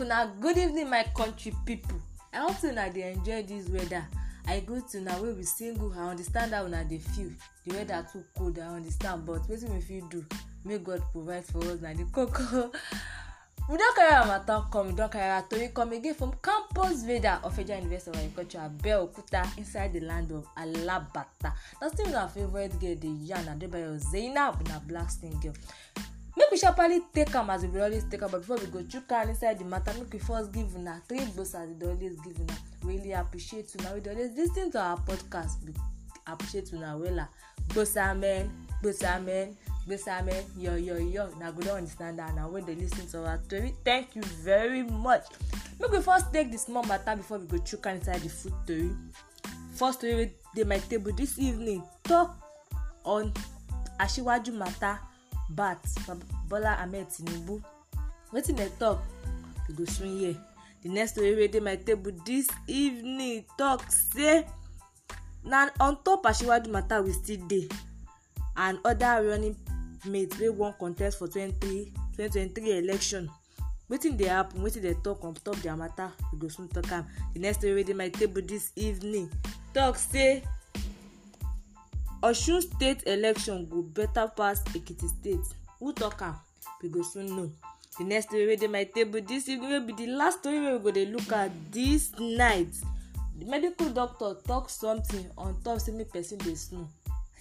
una good evening my country people. i hope say una dey enjoy dis weather i good to una wey we single i understand how una dey feel the weather too cold i understand but wetin we fit do make god provide for us na the koko we don carry our matter come we don carry our tori come again from campus veda of federal university of agriculture Okuta, inside the land of alabata na still una favourite girl dey yarn adebayo zainab na black skin girl make we sharparly take am as we dey always take am but before we go chook hand inside the matter make we first give una three gbosa as we dey always give una really appreciate una we dey always lis ten to our podcast we appreciate una wella ah. gbosa men gbosa men gbosa men yoyoyo una go don understand that na when dey lis ten to our tori thank you very much make we first take the small matter before we go chook hand inside the food tori first tori wey dey my table this evening talk on aṣiwaju matter bat from bola ahmed tinubu wetin dem talk we go soon hear the next story wey dey my table this evening talk say na on top asiwaju matter we still dey and other running mates wey wan contest for 20, 2023 election wetin dey happen wetin dey talk on top their matter we go soon talk am the next story wey dey my table this evening talk say osun state election go better pass ekiti state who talk am we go soon know the next story wey dey my table this evening wey be the last story wey we go dey look at this night the medical doctor talk something on top say make person dey snow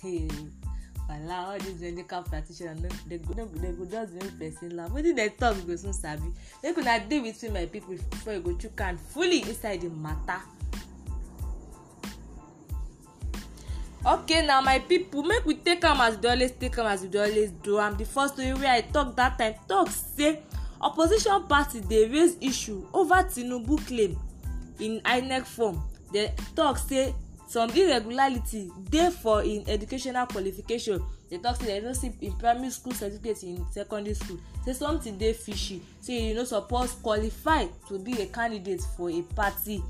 hey wala all these medical practitioners no dey go dey go just dey make person laugh wetin dem talk you go soon sabi make una dey with me my people before you go chook hand fully inside the matter. okay now my people make we take am as we dey always take am as we dey always do am the first story wey i talk that time talk say opposition party dey raise issue over tinubu claim in inec form dem talk say some irregularity dey for im educational qualification dem talk say dem no see im primary school certificate in secondary school say something dey fishy say you no suppose qualify to be a candidate for a party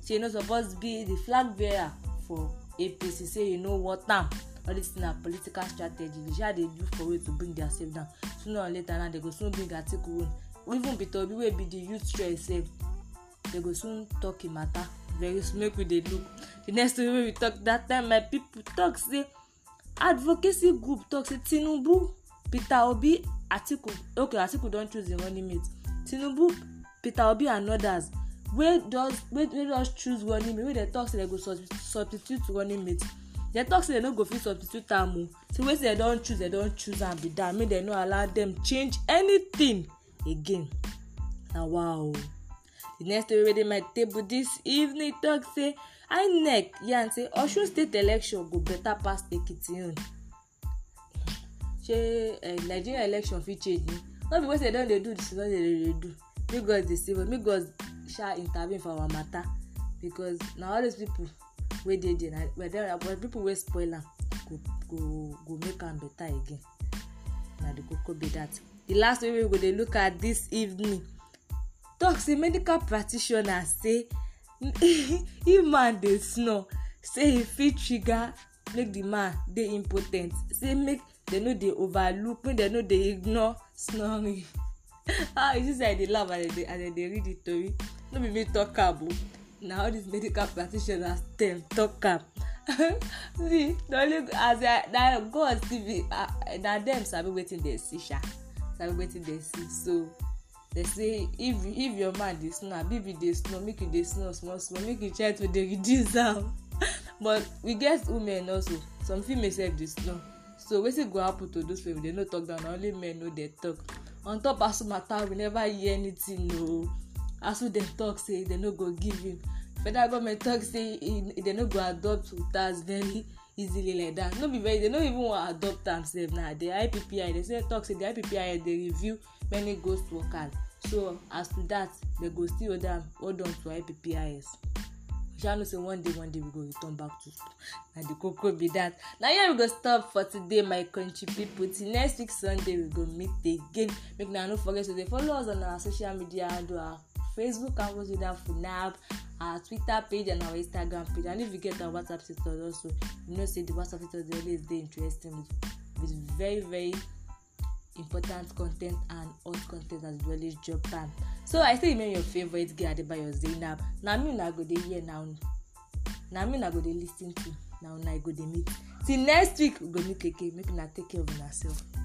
say you no suppose be the flag bearer for apc say you no want am all this na political strategy they sha dey look for way to bring their sef down sooner or later now they go soon bring atiku own even peter obi wey be the youth chair sef they go soon talk him matter very soon make we dey look the next story wey we talk that time my people talk say advocacy group talk say tinubu peter obi atiku okay atiku don choose im running mate tinubu peter obi and others wey does wey wey just choose running mate wey dem talk say dem go substitute running mate dem talk say dem no go fit substitute am o so wetin dem don choose dem don choose am be dat make dem no allow dem change anything again na wow the next story wey dey my table this evening talk say inec yarn say osun state election go better pass ekiti own ṣé eh, nigeria election fit change me. no be wetin dem don dey do the season dem dey do make god dey save us make god sha intervene for our matter because na all those people wey dey there na but there but people wey spoil am go go go make am better again na the koko be that the last way we go dey look at this evening talk say medical practitioner say if man dey snore say e fit trigger make the man dey impotent say make dem no dey overlook make dem no dey ignore snoring ah you see say i dey laugh as i dey as i dey read the tori no be me talk am o oh. na all these medical practitioners dem talk am see na only as i na god still be na dem sabi wetin dem see sha sabi wetin dem see so dey say if if your man dey snore abi be dey snore make you dey snore small small make you try to dey reduce am but we get women also some female sef dey snore so wetin go happen to those people dey no talk down na only men no dey talk on top asthma matter we never hear anything o. Oh. No as who dem talk say dem no go give him federal government talk say dem e, no go adopt tax very easily like that no be very dem no even wan adopt am sef na the ippi dem say talk say the ippi dey review many ghost workers so as to that dem go still hold am hold on to ippis we sha know say one day one day we go return back to school na the koko be that na here we go stop for today my country people till next week sunday we go meet again make una no forget to dey follow us on our social media handle our facebook and with our funab our twitter page and our instagram page and if you get our whatsapp status also you know say the whatsapp status dey always dey interesting with, with very very important content and hot content as well as japan so i still remain your favourite girl your zainab Now me una go dey here now, now me una go dey lis ten to na i go dey meet See next week we go meet again make una take care of una